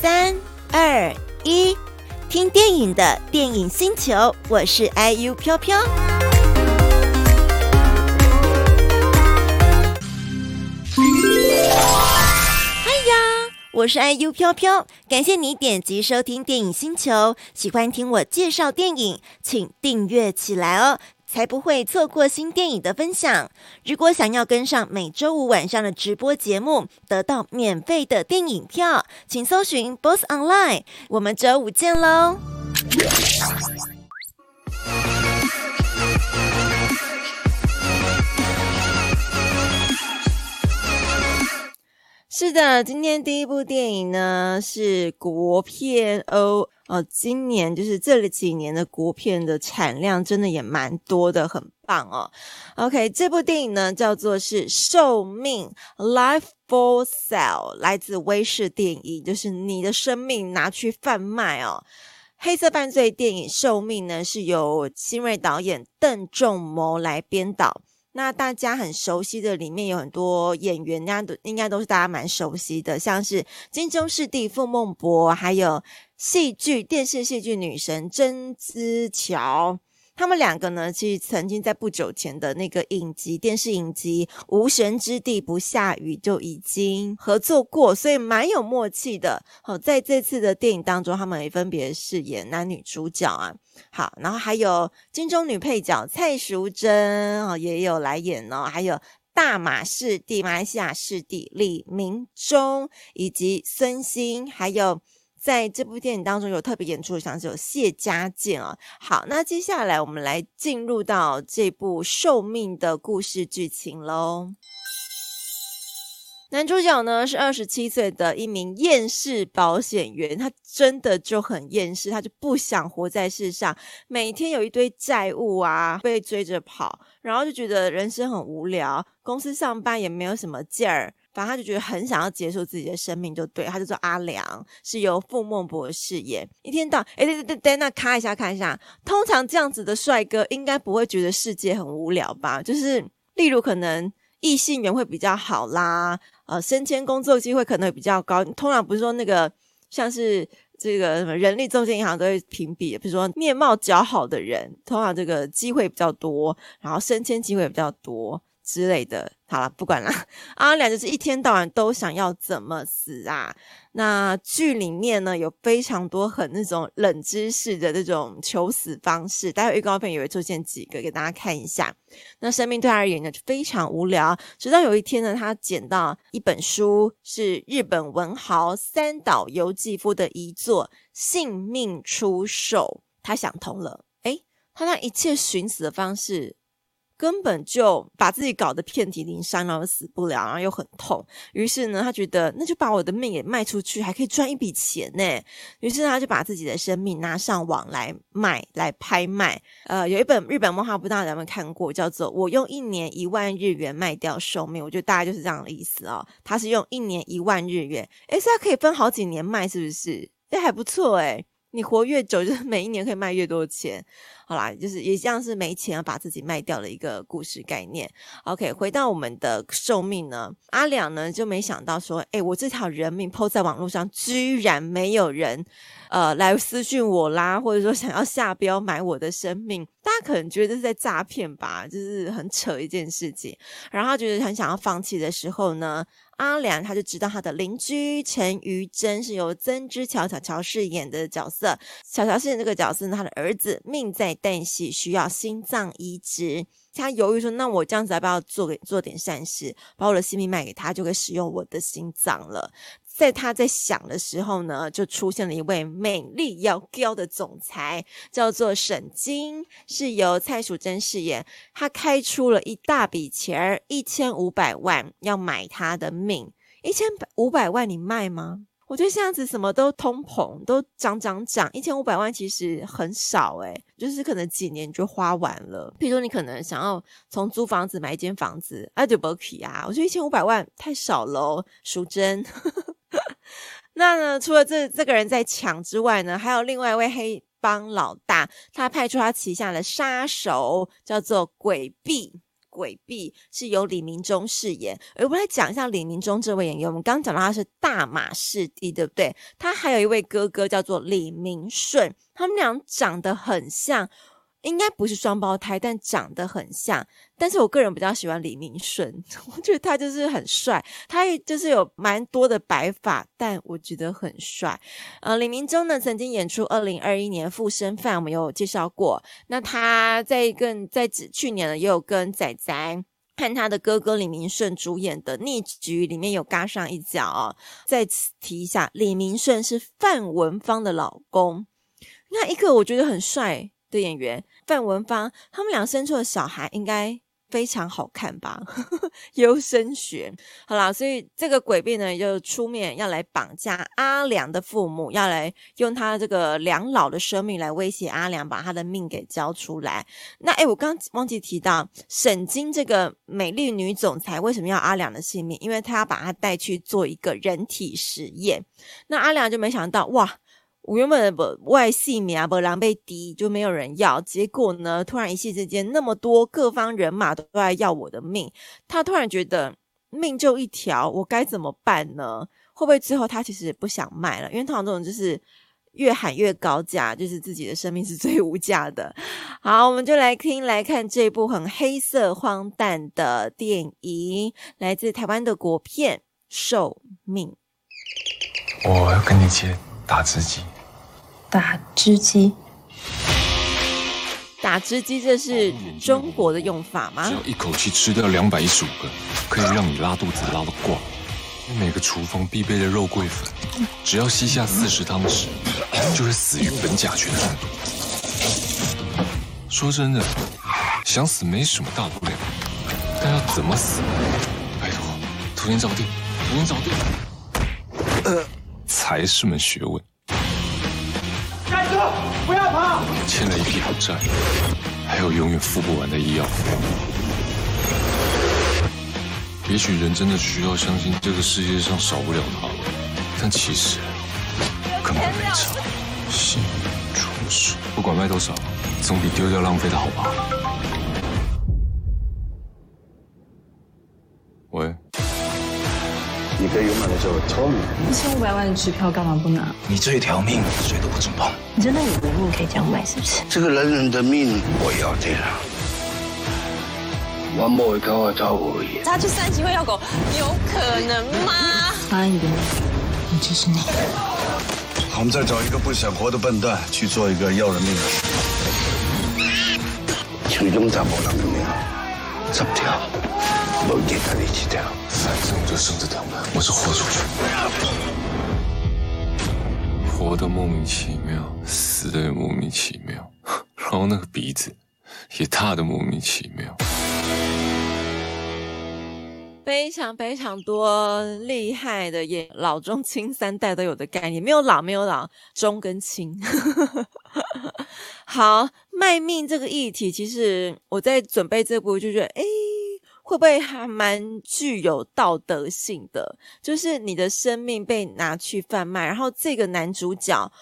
三二一，聽電影的電影星球，我是 IU 飄飄。哎呀，我是 IU 飄飄，感謝你點擊收聽電影星球，喜歡聽我介紹電影，請訂閱起來哦。才不會錯過新電影的分享。如果想要跟上每周五晚上的直播節目，得到免費的電影票，請搜尋 Boss Online。我們周五見嘍！是的，今天第一部電影呢，是國片哦。呃、哦、今年就是這幾年的國片的產量真的也蠻多的，很棒哦。OK，這部電影呢叫做是《售命》（Life for Sale），來自威視電影，就是你的生命拿去販賣哦。黑色犯罪電影《售命》呢是由新銳導演鄧仲謀來編導。那大家很熟悉的裡面有很多演員，那都應該都是大家蠻熟悉的，像是金鐘視帝傅孟柏還有。戲劇、電視戲劇女神曾之喬，他們兩個呢，其實曾經在不久前的那個影集、電視影集《無神之地不下雨》就已經合作過，所以蠻有默契的。好、哦，在這次的電影當中，他們也分別飾演男女主角啊。好，然後還有金鐘女配角蔡淑臻，啊、哦，也有來演哦。還有大馬視帝、馬來西亞視帝李明忠，以及孫興，還有。在這部電影當中，有特別演出的，像是有謝家健啊、哦。好，那接下來我們來進入到這部《售命》的故事劇情嘍。男主角呢是二十七歲的一名厭世保險員，他真的就很厭世，他就不想活在世上，每天有一堆債務啊，被追着跑，然後就覺得人生很無聊，公司上班也沒有什麼勁兒。反正他就覺得很想要結束自己的生命，就對。他就叫阿良，是由傅孟柏飾演。一天到哎，對對對那咔一下，一下看一下。通常這樣子的帥哥應該不會覺得世界很無聊吧？就是例如可能異性緣會比較好啦，呃，升遷工作機會可能會比較高。通常不是說那個像是這個什麼人力中介銀行都會評比，比如說面貌較好的人，通常這個機會比較多，然後升遷機會比較多。之類的好了，不管了。阿良就是一天到晚都想要怎麼死啊？那劇裡面呢，有非常多很那種冷知識的這種求死方式，待會預告片也會出現幾個給大家看一下。那生命對他而言呢，就非常無聊，直到有一天呢，他撿到一本書，是日本文豪三島由紀夫的遺作《性命出售》，他想通了，哎、欸，他那一切尋死的方式，根本就把自己搞得遍體鱗傷，然後死不了，然後又很痛。於是呢，他覺得那就把我的命也賣出去，還可以賺一筆錢呢、欸。於是呢他就把自己的生命拿上網來賣，來拍賣。呃，有一本日本漫畫，不知道你有沒有看過，叫做《我用一年一萬日元賣掉壽命》。我覺得大概就是這樣的意思哦。他是用一年一萬日元，哎，他可以分好幾年賣，是不是？哎，還不錯哎、欸，你活越久，就是每一年可以賣越多錢。好啦，就是也像是沒錢要把自己賣掉的一個故事概念。OK，回到我們的售命呢？阿良呢就沒想到說，哎、欸，我這條人命拋在網絡上，居然沒有人呃來私訊我啦，或者說想要下標買我的生命。大家可能覺得這是在詐騙吧，就是很扯一件事情。然後他覺得很想要放棄的時候呢，阿良他就知道他的鄰居陳玉珍是由曾之喬喬喬飾演的角色。喬喬飾演這個角色呢，他的兒子命在。但是需要心臟移植，他猶豫說：“那我這樣子要不要做給做點善事，把我的性命賣給他，就可以使用我的心臟了？”在他在想的時候呢，就出現了一位美麗妖嬌的總裁，叫做沈晶，是由蔡淑臻飾演。他開出了一大筆錢，一千五百萬，要買他的命。一千五百萬，你賣嗎？我覺得這樣子什麼都通膨都漲漲漲，一千五百萬其實很少誒、欸、就是可能幾年就花完了。譬如說你可能想要從租房子買一間房子，u 德 k 奇啊，我覺得一千五百萬太少嘍、哦，淑珍。 那呢，除了這這個人在搶之外呢，還有另外一位黑幫老大，他派出他旗下的殺手叫做鬼畢。鬼婢是由李明忠飾演，而我們來講一下李明忠這位演員。我們剛剛講到他是大馬士弟，對不對？他還有一位哥哥叫做李明順，他們倆長得很像。應該不是雙胞胎，但長得很像。但是我個人比較喜歡李明順，我覺得他就是很帥，他就是有蠻多的白髮，但我覺得很帥。呃，李明忠呢，曾經演出二零二一年《複身犯》，我們有介紹過。那他在跟在去年呢，也有跟仔仔和他的哥哥李明順主演的《逆局》裡面有嘎上一腳哦。再次提一下，李明順是范文芳的老公，那一個我覺得很帥。的演員范文芳，他們倆生出的小孩應該非常好看吧？ 優生學。好啦，所以這個詭病呢，就出面要來綁架阿良的父母，要來用他這個兩老的生命來威脅阿良，把他的命給交出來。那誒、欸、我剛忘記提到，沈金這個美麗女總裁為什麼要阿良的性命？因為她要把他帶去做一個人體實驗。那阿良就沒想到，哇！我原本不外戲名啊，不狼被敵，就沒有人要。結果呢，突然一夕之間，那麼多各方人馬都在要我的命。他突然覺得命就一條，我該怎麼辦呢？會不會之後他其實不想賣了？因為通常這種就是越喊越高價，就是自己的生命是最無價的。好，我們就來聽來看這一部很黑色荒誕的電影，來自台灣的國片《售命》。我要跟你借打自己。打汁機，打汁機，這是中國的用法嗎？只要一口氣吃掉兩百一十五個，可以讓你拉肚子拉得掛。每個廚房必備的肉桂粉，只要吸下四十湯匙，就會、是、死於苯甲醛中毒。說真的，想死沒什麼大不了，但要怎麼死？拜、哎、托，頭先著地，頭先著地，呃，才是門學問。欠了一屁股債，還有永遠付不完的醫藥費。也許人真的需要相信這個世界上少不了他，但其實根本沒差。心如鼠，不管賣多少，總比丟掉浪費的好吧。你可以勇敢的叫我 Tom。一千五百萬的支票幹嘛不拿？你這一條命，誰都不准碰。你真的以為，命可以這樣賣，是不是？這個男人的命我，我要定了。王不會跟我走回他去三級會要狗，有可能嗎？媽、啊，你這是你。我們再找一個不想活的笨蛋去做一個要人命、啊嗯、人的事、啊。有種，他不要命，麼條，我給他這條。反正我就生這我是豁出去，活得莫名其妙，死得也莫名其妙，然後那個鼻子也大的莫名其妙。非常非常多厲害的，也老中青三代都有的概念，沒有老，沒有老中跟青。 好，賣命這個議題，其實我在準備這部就覺得，誒會不會還蠻具有道德性的？就是你的生命被拿去販賣，然後這個男主角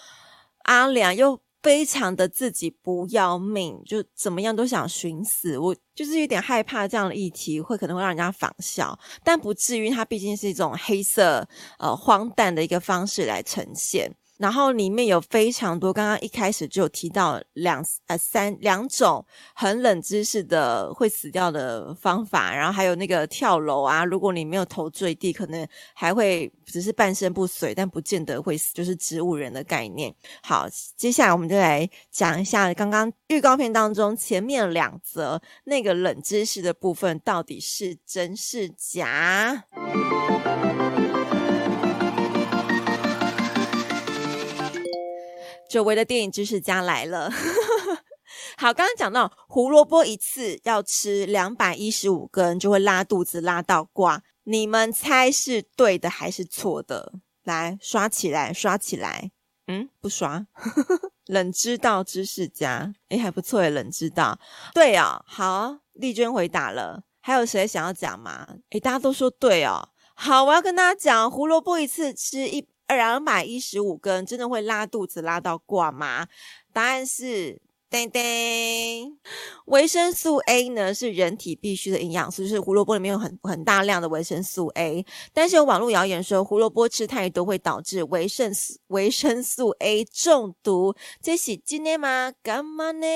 阿良又非常的自己不要命，就怎麼樣都想尋死。我就是有點害怕這樣的議題會可能會讓人家仿效，但不至於，它畢竟是一種黑色呃荒誕的一個方式來呈現。然後裡面有非常多，剛剛一開始就有提到兩呃三兩種很冷知識的會死掉的方法，然後還有那個跳樓啊，如果你沒有頭墜地，可能還會只是半身不遂，但不見得會死，就是植物人的概念。好，接下來我們就來講一下剛剛預告片當中前面兩則那個冷知識的部分到底是真是假？嗯久違的電影知識家來了， 好，剛剛講到胡蘿蔔一次要吃兩百一十五根就會拉肚子拉到掛，你們猜是對的還是錯的？來刷起來，刷起來，嗯，不刷， 冷知道知識家，誒、欸，還不錯誒，冷知道，對哦，好，麗娟回答了，還有誰想要講嗎？誒、欸，大家都說對哦，好，我要跟大家講，胡蘿蔔一次吃一。二兩百一十五根真的會拉肚子拉到掛嗎？答案是，叮叮。維生素 A 呢是人體必需的營養素，就是胡蘿蔔裡面有很很大量的維生素 A。但是有網絡謠言說胡蘿蔔吃太多會導致維生維生素 A 中毒。這是真的嗎？幹嘛呢？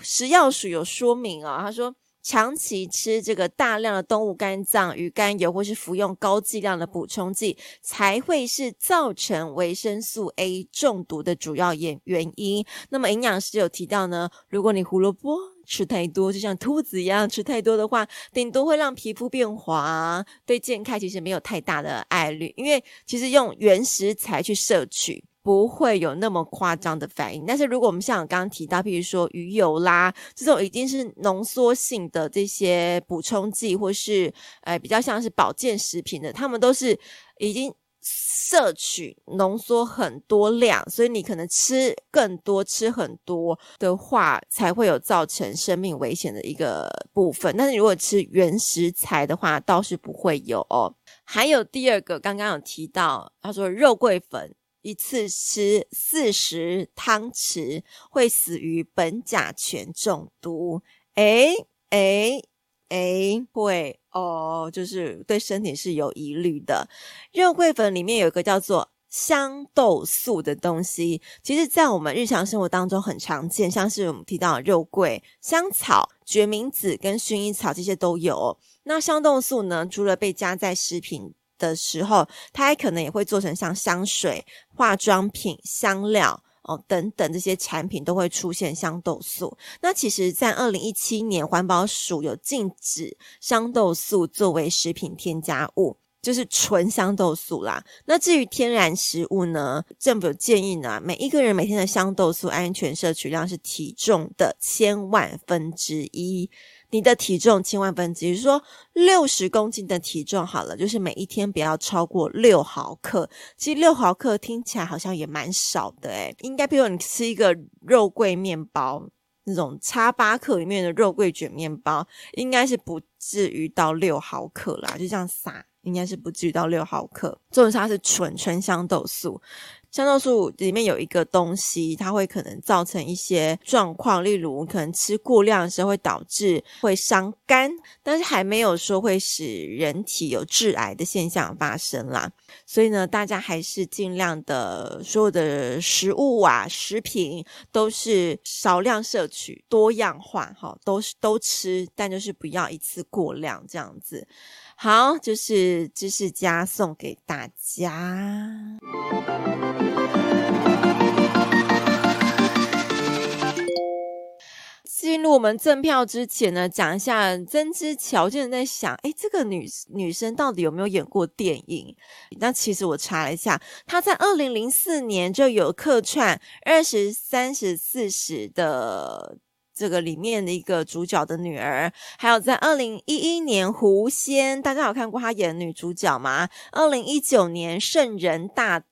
食藥署有說明啊、哦，他說。長期吃這個大量的動物肝臟、魚肝油，或是服用高劑量的補充劑，才會是造成維生素 A 中毒的主要原原因。那麼營養師有提到呢，如果你胡蘿蔔吃太多，就像兔子一樣吃太多的話，頂多會讓皮膚變滑，對健康其實沒有太大的愛慮，因為其實用原食材去攝取。不會有那麼誇張的反應，但是如果我們像我剛剛提到，譬如說魚油啦，這種已經是濃縮性的這些補充劑，或是呃比較像是保健食品的，他們都是已經攝取濃縮很多量，所以你可能吃更多、吃很多的話，才會有造成生命危險的一個部分。但是如果吃原食材的話，倒是不會有哦。還有第二個，剛剛有提到，他說肉桂粉。一次吃四十湯匙會死於苯甲醛中毒。誒誒誒，會哦，就是對身體是有疑慮的。肉桂粉裡面有一個叫做香豆素的東西，其實在我們日常生活當中很常見，像是我們提到的肉桂、香草、決明子跟薰衣草這些都有。那香豆素呢，除了被加在食品，的時候，它還可能也會做成像香水、化妝品、香料哦等等這些產品都會出現香豆素。那其實，在二零一七年，環保署有禁止香豆素作為食品添加物，就是純香豆素啦。那至於天然食物呢，政府建議呢，每一個人每天的香豆素安全攝取量是體重的千萬分之一。你的體重千萬分之、就是、說六十公斤的體重好了，就是每一天不要超過六毫克。其實六毫克聽起來好像也蠻少的哎、欸，應該比如你吃一個肉桂麵包那種叉八克裡面的肉桂卷面包，應該是不至於到六毫克啦。就這樣撒，應該是不至於到六毫克。這種它是純春香豆素。香豆素裡面有一個東西，它會可能造成一些狀況，例如可能吃過量的時候會導致會傷肝，但是還沒有說會使人體有致癌的現象發生啦。所以呢，大家還是儘量的所有的食物啊、食品都是少量攝取、多樣化哈，都是都吃，但就是不要一次過量這樣子。好，就是知識家送給大家。進入我們贈票之前呢，講一下曾之喬，正在想，哎、欸，這個女女生到底有沒有演過電影？那其實我查了一下，她在二零零四年就有客串《二十三十四十》的。這個裡面的一個主角的女兒，還有在二零一一年《狐仙》，大家有看過她演女主角嗎？二零一九年《聖人大盜》，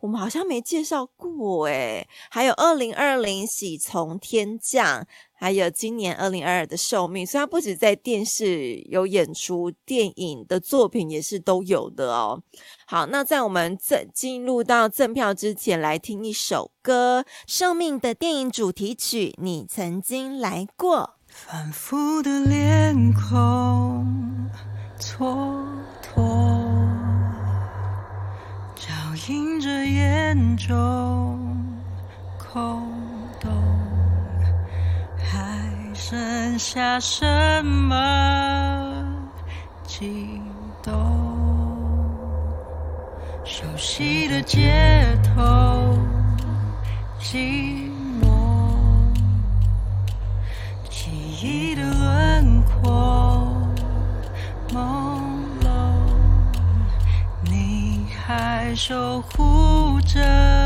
我們好像沒介紹過哎、欸，還有二零二零《喜從天降》。還有今年二零二二的《售命》，雖然不止在電視有演出，電影的作品也是都有的哦。好，那在我們正進入到贈票之前，來聽一首歌，《售命》的電影主題曲《你曾經來過》。反覆的臉孔，蹉跎，照映着眼中空。剩下什麼悸動？熟悉的街頭，寂寞，記憶的輪廓朦朧，你還守護着。